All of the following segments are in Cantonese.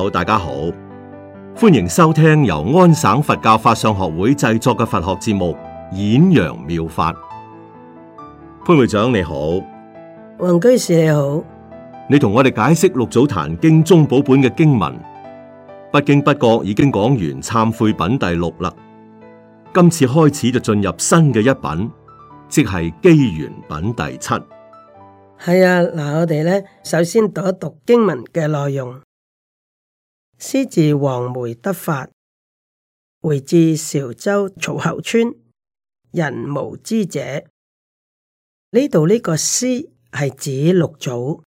好，大家好，歡迎收聽由安省佛教法相學會製作嘅佛學節目《演揚妙法》。潘會長你好，黃居士你好，你同我哋解釋六祖壇經中寶本嘅經文。不經不覺已經講完懺悔品第六啦，今次開始就進入新嘅一品，即係機緣品第七。係啊，嗱，我哋咧首先讀一讀經文嘅內容。師自黃梅得法，回至韶州曹侯村，人無知者。呢度呢個師係指六祖。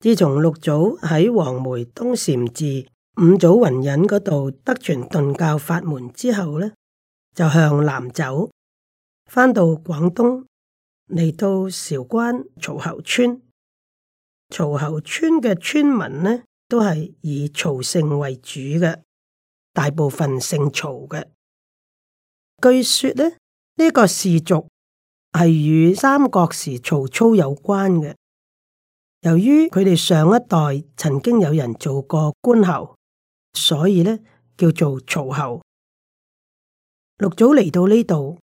自從六祖喺黃梅東禪寺五祖雲隱嗰度得傳頓教法門之後呢，就向南走，翻到廣東，嚟到韶關曹侯村。曹侯村嘅村民呢？都係以曹姓為主嘅，大部分姓曹嘅。據說咧，呢、呢個氏族係與三國時曹操有關嘅。由於佢哋上一代曾經有人做過官侯，所以呢叫做曹侯。六祖嚟到呢度，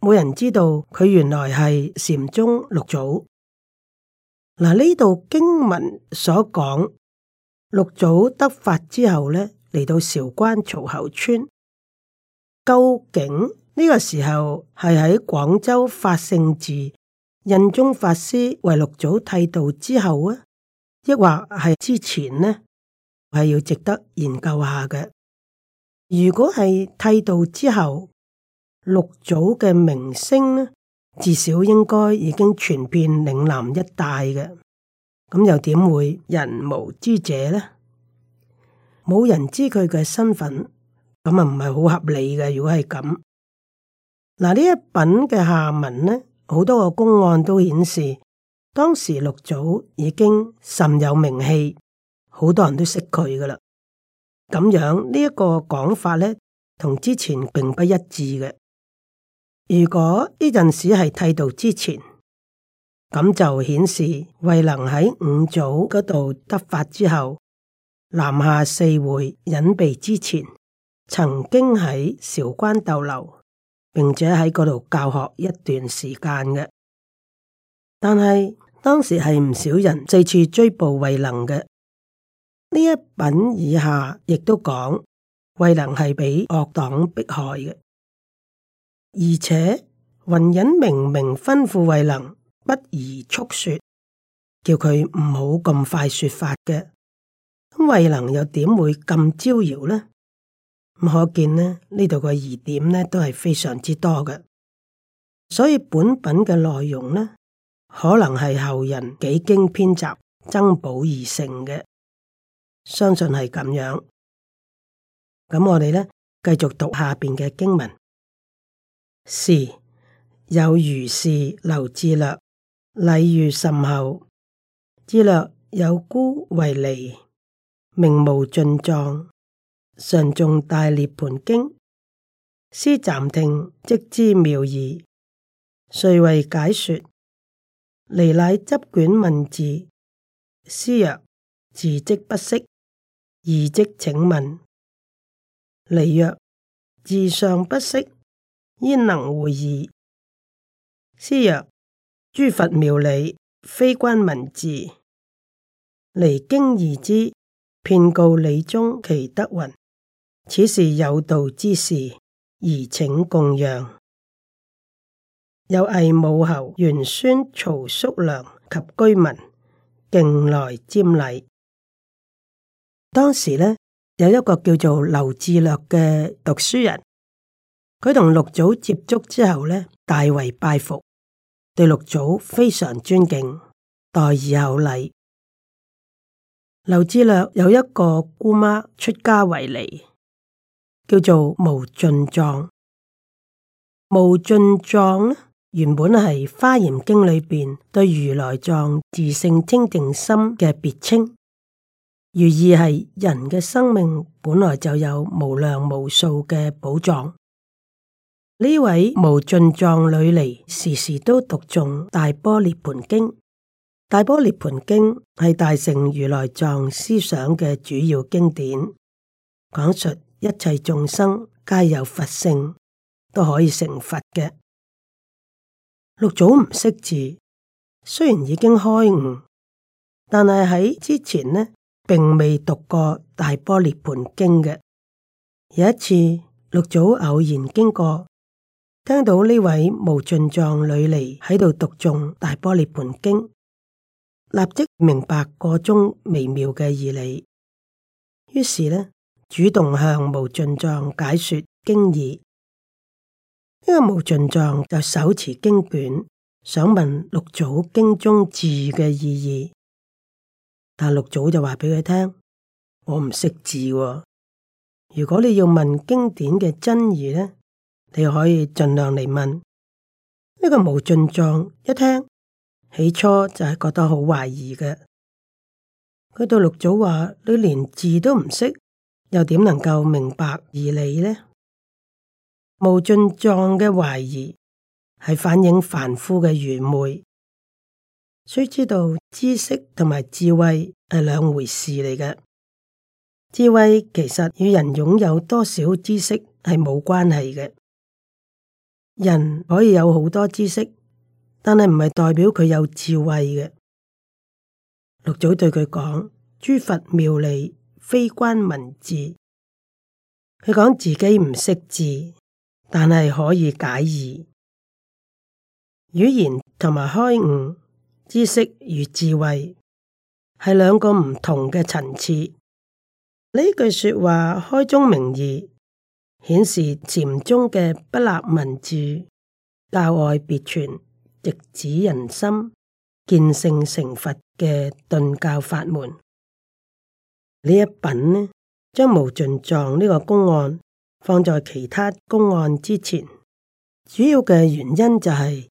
冇人知道佢原來係禪宗六祖。嗱，呢度經文所講。六祖得法之後呢，嚟到韶關曹侯村。究竟呢個時候係喺廣州法性寺印宗法師為六祖剃度之後啊，抑或係之前呢？係要值得研究下嘅。如果係剃度之後，六祖嘅名聲呢，至少應該已經傳遍嶺南一帶嘅。咁又點會人無知者呢？冇人知佢嘅身份，咁啊唔係好合理嘅。如果係咁，嗱呢一品嘅下文呢，好多個公案都顯示，當時六祖已經甚有名氣，好多人都識佢噶啦。咁樣呢一個講法呢，同之前並不一致嘅。如果呢陣時係剃度之前。咁就顯示慧能喺五祖嗰度得法之後，南下四會隱避之前，曾經喺韶關逗留，並且喺嗰度教學一段時間嘅。但係當時係唔少人四處追捕慧能嘅。呢一品以下亦都講慧能係俾惡黨迫害嘅，而且雲隱明明吩咐慧能。不宜速說，叫佢唔好咁快說法嘅。咁慧能又點會咁招搖呢？咁可見呢，呢度個疑點呢都係非常之多嘅。所以本品嘅內容呢，可能係後人幾經編集增補而成嘅，相信係咁樣。咁我哋呢繼續讀下邊嘅經文，是有如是劉志略。例如甚後之略有姑為尼，名無盡藏，常誦大涅盤經。師暫停，即知妙義，遂為解說。尼乃執卷問字，師曰：字即不識，宜即請問。尼曰：字尚不識，焉能會義？師曰：諸佛妙理，非關文字。離經而之，遍告里中耆德云：此是有道之士，宜請供養。有魏武侯玄孫曹叔良及居民，競來瞻禮。當時呢，有一個叫做劉志略嘅讀書人，佢同六祖接觸之後呢，大為拜服。對六祖非常尊敬，待以後禮。劉志略有一個姑媽出家為尼，叫做無盡藏。無盡藏原本係《花嚴經》裏邊對如來藏自性清淨心嘅別稱，寓意係人嘅生命本來就有無量無數嘅寶藏。呢位無盡藏女尼，時時都讀誦《大般涅槃經》。《大般涅槃經》係大乘如來藏思想嘅主要經典，講述一切眾生皆有佛性，都可以成佛嘅。六祖唔識字，雖然已經開悟，但係喺之前呢，並未讀過《大般涅槃經》嘅。有一次，六祖偶然經過。聽到呢位無盡藏女尼喺度讀誦大玻璃盤經，立即明白個中微妙嘅意理。於是呢，主動向無盡藏解說經義。呢、這個無盡藏就手持經卷，想問六祖經中字嘅意義，但六祖就話畀佢聽：我唔識字，哦。如果你要問經典嘅真義咧？你可以盡量嚟問呢個無盡藏，一聽起初就係覺得好懷疑嘅。佢對六祖話你連字都唔識，又點能夠明白義理呢？無盡藏嘅懷疑係反映凡夫嘅愚昧。須知道知識同埋智慧係兩回事嚟嘅，智慧其實與人擁有多少知識係冇關係嘅。人可以有好多知識，但係唔係代表佢有智慧嘅。六祖對佢講：諸佛妙理非關文字。佢講自己唔識字，但係可以解義。語言同埋開悟，知識與智慧係兩個唔同嘅層次。呢句說話，開宗明義，顯示禪宗嘅不立文字、教外別傳、直指人心、見性成佛嘅頓教法門。呢一品呢，將無盡藏呢個公案放在其他公案之前，主要嘅原因就係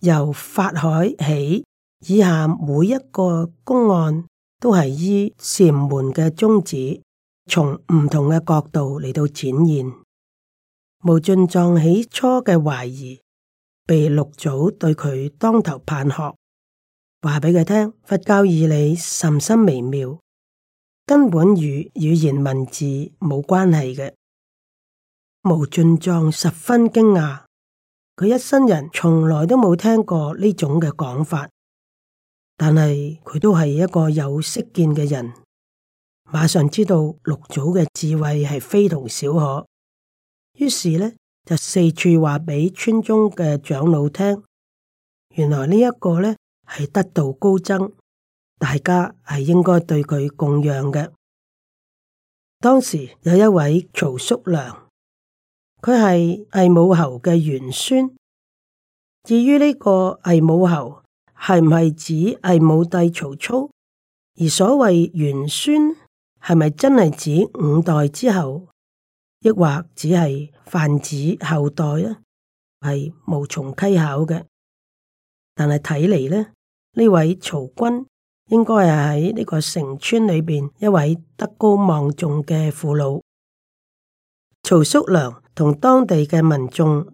由法海起，以下每一個公案都係依禪門嘅宗旨，從唔同嘅角度嚟到展現。無盡藏起初嘅懷疑，被六祖對佢當頭棒喝，話俾佢聽：佛教義理甚深微妙，根本與語言文字冇關係嘅。無盡藏十分驚訝，佢一生人從來都冇聽過呢種嘅講法，但係佢都係一個有識見嘅人，馬上知道六祖嘅智慧係非同小可。於是呢，就四處話俾村中嘅長老聽，原來呢一個呢，係得道高僧，大家係應該對佢供養嘅。當時有一位曹叔良，佢係魏武侯嘅元孫。至於呢個魏武侯，係唔係指魏武帝曹操？而所謂元孫，係咪真係指五代之後？抑或只係泛指後代，呢係無從稽考嘅。但係睇嚟咧，呢位曹君應該係喺呢個城村裏邊一位德高望重嘅父老。曹叔良同當地嘅民眾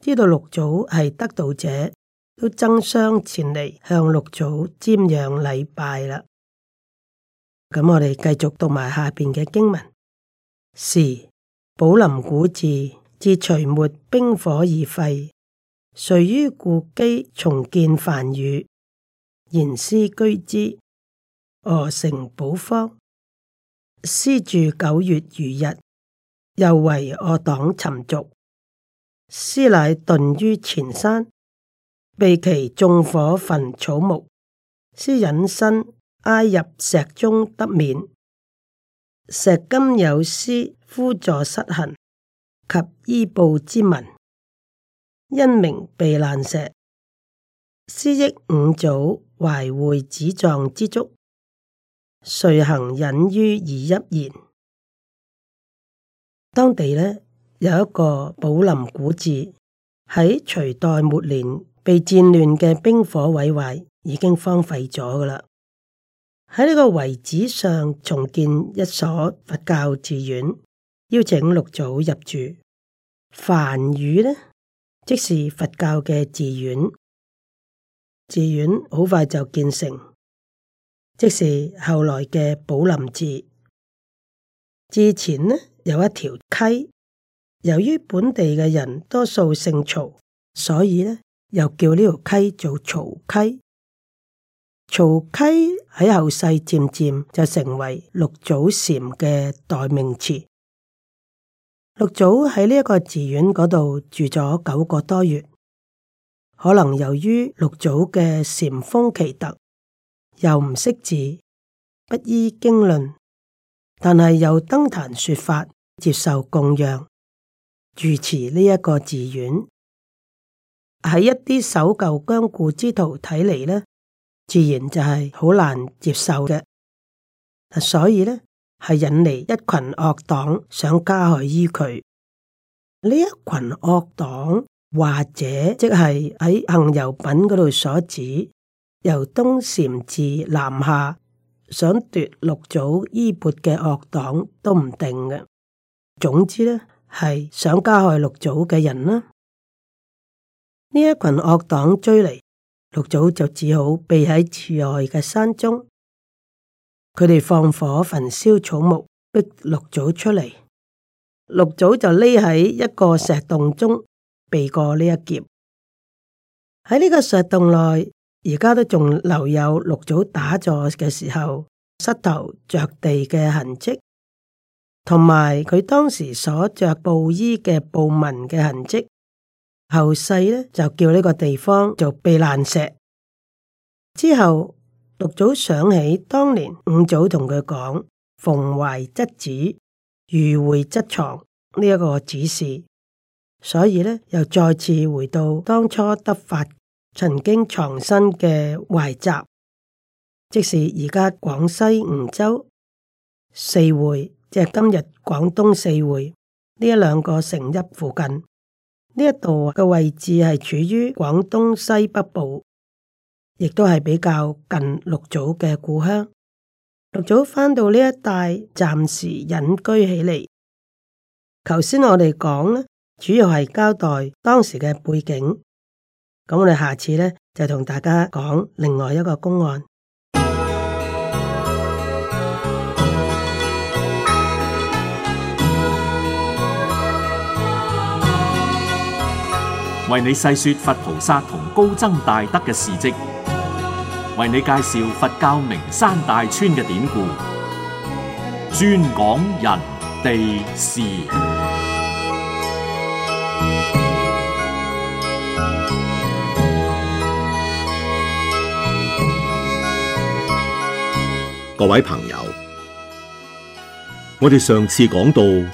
知道六祖係得道者，都爭相前嚟向六祖瞻仰禮拜啦。咁我哋繼續讀埋下邊嘅經文，是。寶林古寺自隋末兵火已廢，遂於故基重建梵宇，言師居之，俄成寶坊。師住九月餘日，又為惡黨尋逐，師乃遁於前山，被其縱火焚草木，師隱身挨入石中得免。石金有師，趺坐之跡及衣布之紋，因名避難石。師憶五祖懷會止藏之囑，遂行隱於二邑間。當地呢有一個寶林古寺，喺隋代末年被戰亂嘅兵火毀壞，已經荒廢咗㗎喇。喺呢個遺址上重建一所佛教寺院，邀請六祖入住。梵宇呢，即是佛教嘅寺院，寺院好快就建成，即是後來嘅寶林寺。寺前呢，有一條溪，由於本地嘅人多數姓曹，所以呢又叫呢條溪做曹溪。曹溪喺後世漸漸就成為六祖禪嘅代名詞。六祖喺呢一個寺院嗰度住咗九個多月，可能由於六祖嘅禪風奇特，又唔識字，不依經論，但係又登壇說法，接受供養，住持呢一個寺院，喺一啲守舊僵固之徒睇嚟呢。自然就係好難接受嘅，所以呢，係引嚟一群惡黨想加害於佢。呢一群惡黨或者即係喺行由品嗰度所指，由東禪寺南下想奪六祖衣缽嘅惡黨都唔定嘅。總之呢，係想加害六祖嘅人啦。呢一群惡黨追嚟。六祖就只好避喺寺外嘅山中，佢哋放火焚燒草木，逼六祖出嚟。六祖就匿喺一個石洞中避過呢一劫。喺呢個石洞內，而家都仲留有六祖打坐嘅時候膝頭着地嘅痕跡，同埋佢當時所着布衣嘅布紋嘅痕跡。後世咧就叫呢個地方做避難石。之後六祖想起當年五祖同佢講，逢懷則止，遇會則藏呢一、這個指示，所以咧又再次回到當初得法曾經藏身嘅懷集，即是而家廣西梧州四會，即、就、係、是、今日廣東四會呢一兩個城邑附近。呢一度嘅位置係處於廣東西北部，亦都係比較近六祖嘅故鄉。六祖返到呢一帶，暫時隱居起嚟。頭先我哋講呢，主要係交代當時嘅背景。咁我哋下次呢就同大家講另外一個公案。為你細說佛菩薩同高僧大德嘅事跡，為你介紹佛教名山大川嘅典故，專講人地事。各位朋友，我哋上次講到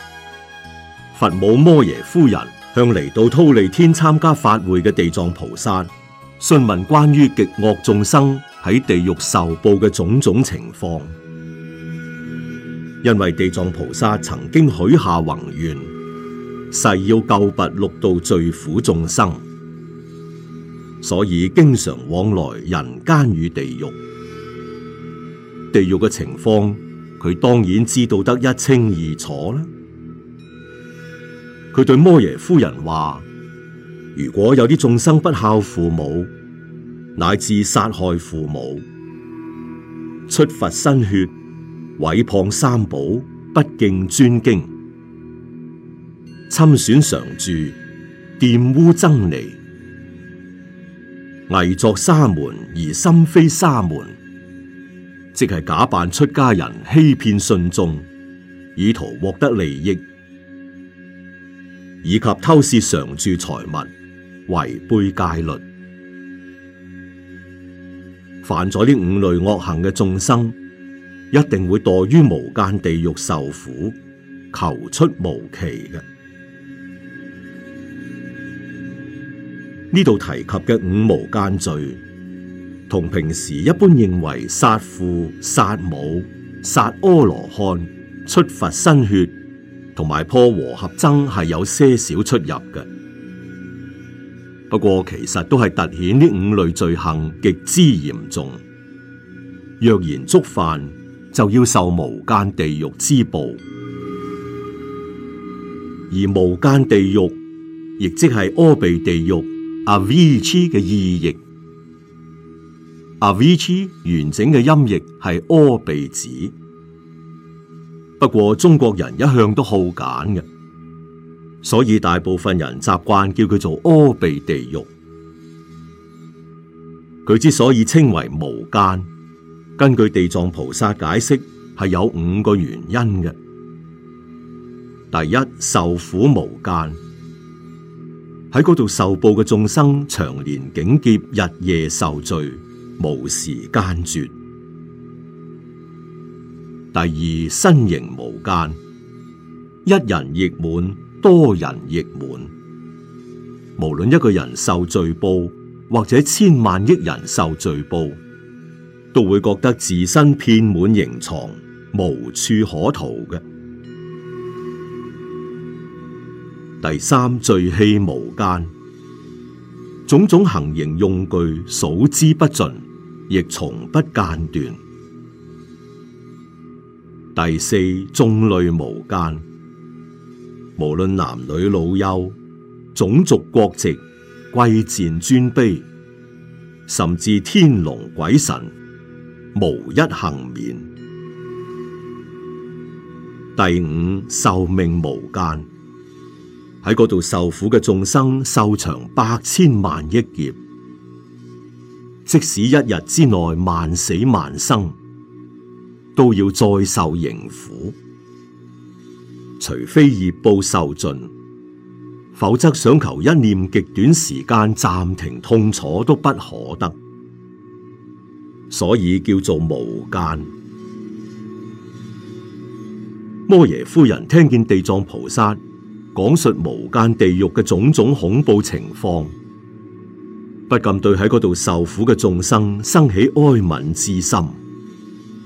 佛母摩耶夫人。向嚟到忉利天參加法會嘅地藏菩薩，詢問關於極惡眾生喺地獄受報嘅種種情況。因為地藏菩薩曾經許下宏願，誓要救拔六道罪苦眾生，所以經常往來人間與地獄。地獄嘅情況，佢當然知道得一清二楚啦。佢對摩耶夫人話：如果有啲眾生不孝父母，乃至殺害父母，出佛身血，毀謗三寶，不敬尊經，侵損常住，玷污僧尼，偽作沙門而心非沙門，即係假扮出家人欺騙信眾，以圖獲得利益。以及偷竊常住財物，違背戒律，犯咗呢五類惡行嘅眾生，一定會墮於無間地獄受苦，求出無期嘅。呢度提及嘅五無間罪，同平時一般認為殺父、殺母、殺阿羅漢、出佛身血。同埋破和合僧係有些少出入嘅，不過其實都係凸顯呢五類罪行極之嚴重。若然觸犯，就要受無間地獄之報。而無間地獄亦即係阿鼻地獄，阿維癡嘅意譯。阿維癡完整嘅音譯係阿鼻子。不過中國人一向都好揀嘅，所以大部分人習慣叫佢做阿鼻地獄。佢之所以稱為無間，根據地藏菩薩解釋，係有五個原因嘅。第一，受苦無間，喺嗰度受報嘅眾生，長年警戒，日夜受罪，無時間絕。第二，身形無間，一人亦滿，多人亦滿。無論一個人受罪報，或者千萬億人受罪報，都會覺得自身遍滿刑床，無處可逃嘅。第三，罪器無間，種種行刑用具數之不盡，亦從不間斷。第四，眾類無間，無論男女老幼、種族國籍、貴賤尊卑，甚至天龍鬼神，無一幸免。第五，壽命無間，喺嗰度受苦嘅眾生，壽長百千萬億劫，即使一日之內萬死萬生，都要再受刑苦，除非業報受盡，否則想求一念極短時間暫停痛楚都不可得，所以叫做無間。摩耶夫人聽見地藏菩薩講述無間地獄嘅種種恐怖情況，不禁對喺嗰度受苦嘅眾生生起哀憫之心。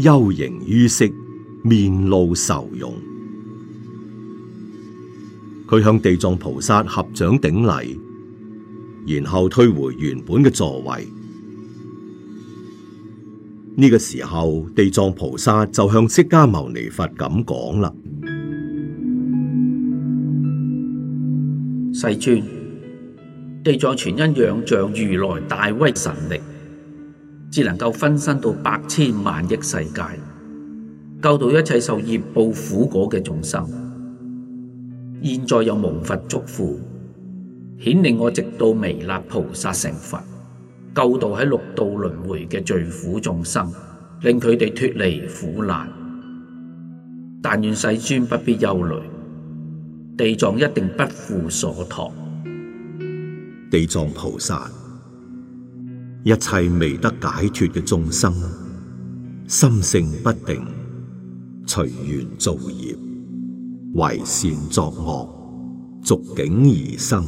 幽形於色，面露愁容。佢向地藏菩薩合掌頂禮，然後退回原本嘅座位。呢、這個時候，地藏菩薩就向釋迦牟尼佛咁講啦：世尊，地藏全因仰仗如來大威神力。只能夠分身到百千萬億世界，救渡一切受業報苦果嘅眾生。現在又蒙佛祝福，顯令我直到彌勒菩薩成佛，救渡喺六道輪迴嘅罪苦眾生，令佢哋脫離苦難。但願世尊不必憂慮，地藏一定不負所託。地藏菩薩。一切未得解脫嘅眾生，心性不定，隨緣造業，為善作惡，逐境而生。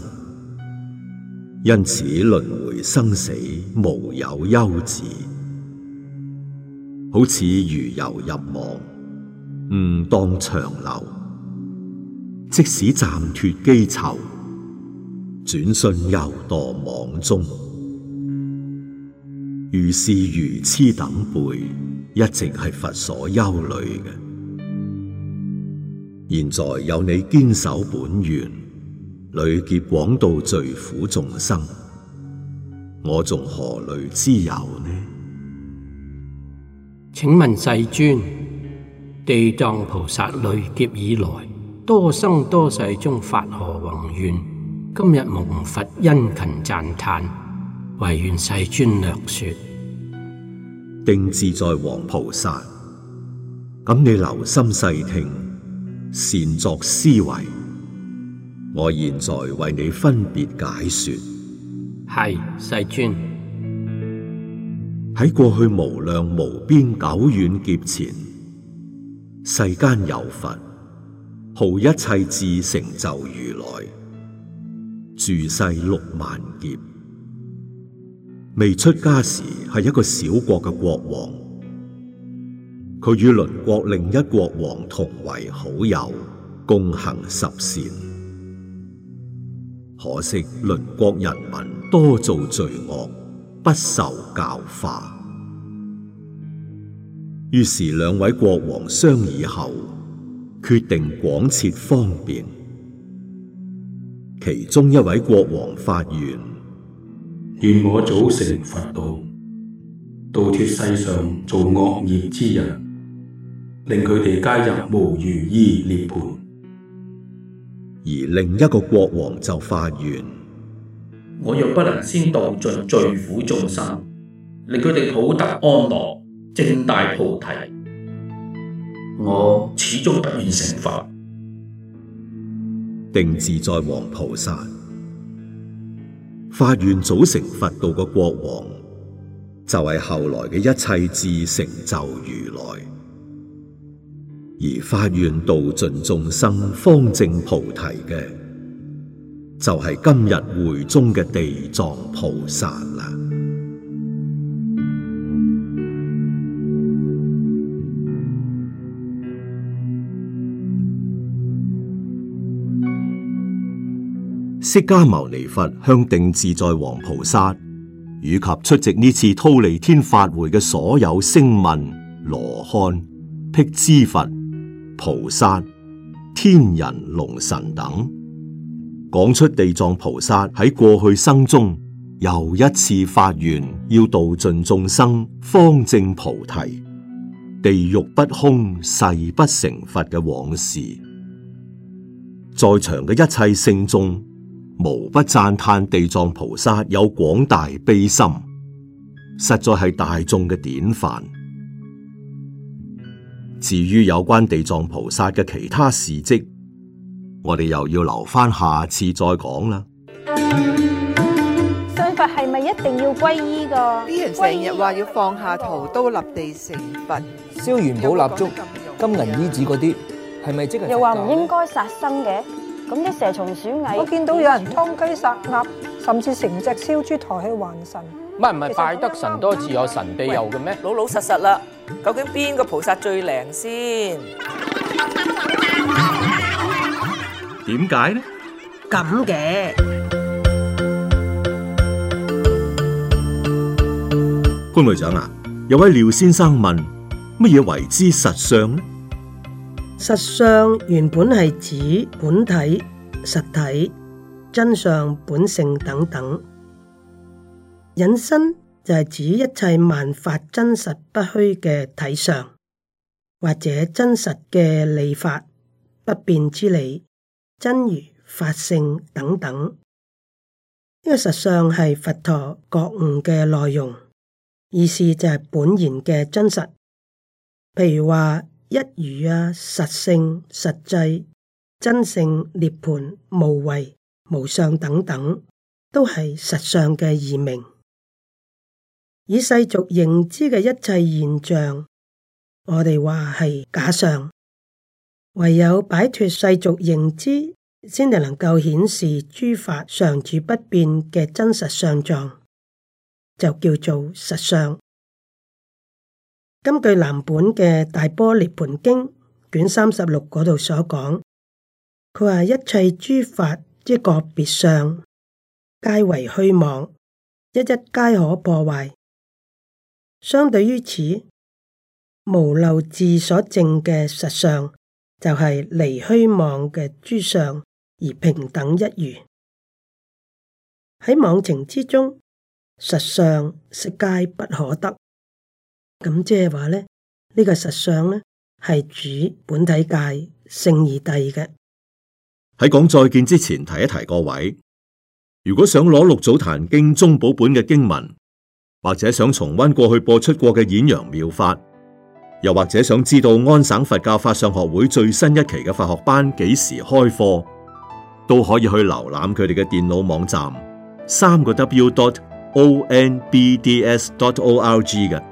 因此輪回生死無有休止，好似魚游入網，誤當長流。即使暫脫羈囚，轉瞬又墮網中。如是愚痴等輩，一直係佛所憂慮嘅。現在有你堅守本願，累劫廣度罪苦眾生，我仲何慮之有呢？請問世尊，地藏菩薩累劫以來，多生多世中發何宏願？今日蒙佛殷勤讚嘆。唯願世尊略說，定自在王菩薩，咁你留心細聽，善作思維，我現在為你分別解說。係世尊喺過去無量無邊久遠劫前，世間有佛，號一切智成就如來，住世六萬劫。未出家時係一個小國嘅國王，佢與鄰國另一國王同為好友，共行十善。可惜鄰國人民多做罪惡，不受教化。於是兩位國王商議後，決定廣設方便。其中一位國王發言。願我早成佛道，度脱世上做惡業之人，令佢哋皆入無餘依涅槃。而另一個國王就發願：我若不能先度盡罪苦眾生，令佢哋普得安樂、證大菩提，我始終不願成佛。定自在王菩薩。發願早成佛道嘅國王，就係、是、後來嘅一切智成就如來；而發願度盡眾生、方證菩提嘅，就係、是、今日會中嘅地藏菩薩啦。釋迦牟尼佛向定自在王菩薩，以及出席呢次忉利天法會嘅所有聲聞、羅漢、辟支佛、菩薩、天人、龍神等，講出地藏菩薩喺過去生中又一次發願，要度盡眾生，方證菩提，地獄不空，誓不成佛嘅往事。在場嘅一切聖眾。無不讚嘆地藏菩薩有廣大悲心，實在係大眾嘅典範。至於有關地藏菩薩嘅其他事蹟，我哋又要留翻下,下次再講啦。信佛係咪一定要皈依㗎？啲人成日話要放下屠刀立地成佛，燒元寶蠟燭、金銀衣紙嗰啲，係咪、啊、即係又話唔應該殺生嘅？咁啲蛇蟲鼠蟻，我見到有人劏雞殺鴨，甚至成隻燒豬抬起還神。唔係唔係，拜得神多自有神庇佑嘅咩？老老實實啦，究竟邊個菩薩最靈先？點解呢？咁嘅潘隊長啊，有位廖先生問乜嘢為之實相呢？實相原本係指本體、實體、真相、本性等等，引申就係指一切萬法真實不虛嘅體相，或者真實嘅理法、不變之理、真如、法性等等。呢個實相係佛陀覺悟嘅內容，意思就係本然嘅真實，譬如話。一如啊，實性、實際、真性、涅盤、無為、無相等等，都係實相嘅異名。以世俗認知嘅一切現象，我哋話係假相。唯有擺脫世俗認知，先至能夠顯示諸法常住不變嘅真實相狀，就叫做實相。根據南本嘅《大般涅槃經》卷三十六嗰度所講，佢話一切諸法即個別相，皆為虛妄，一一皆可破壞相對於此，無漏智所證嘅實相，就係離虛妄嘅諸相而平等一如。喺妄情之中，實相悉皆不可得。咁即係話咧，呢、這個實相咧係主本體界勝義諦嘅。喺講再見之前提一提各位，如果想攞六祖壇經宗寶本嘅經文，或者想重溫過去播出過嘅演揚妙法，又或者想知道安省佛教法相學會最新一期嘅法學班幾時開課，都可以去瀏覽佢哋嘅電腦網站，三個 w dot o n b d s dot o r g 嘅。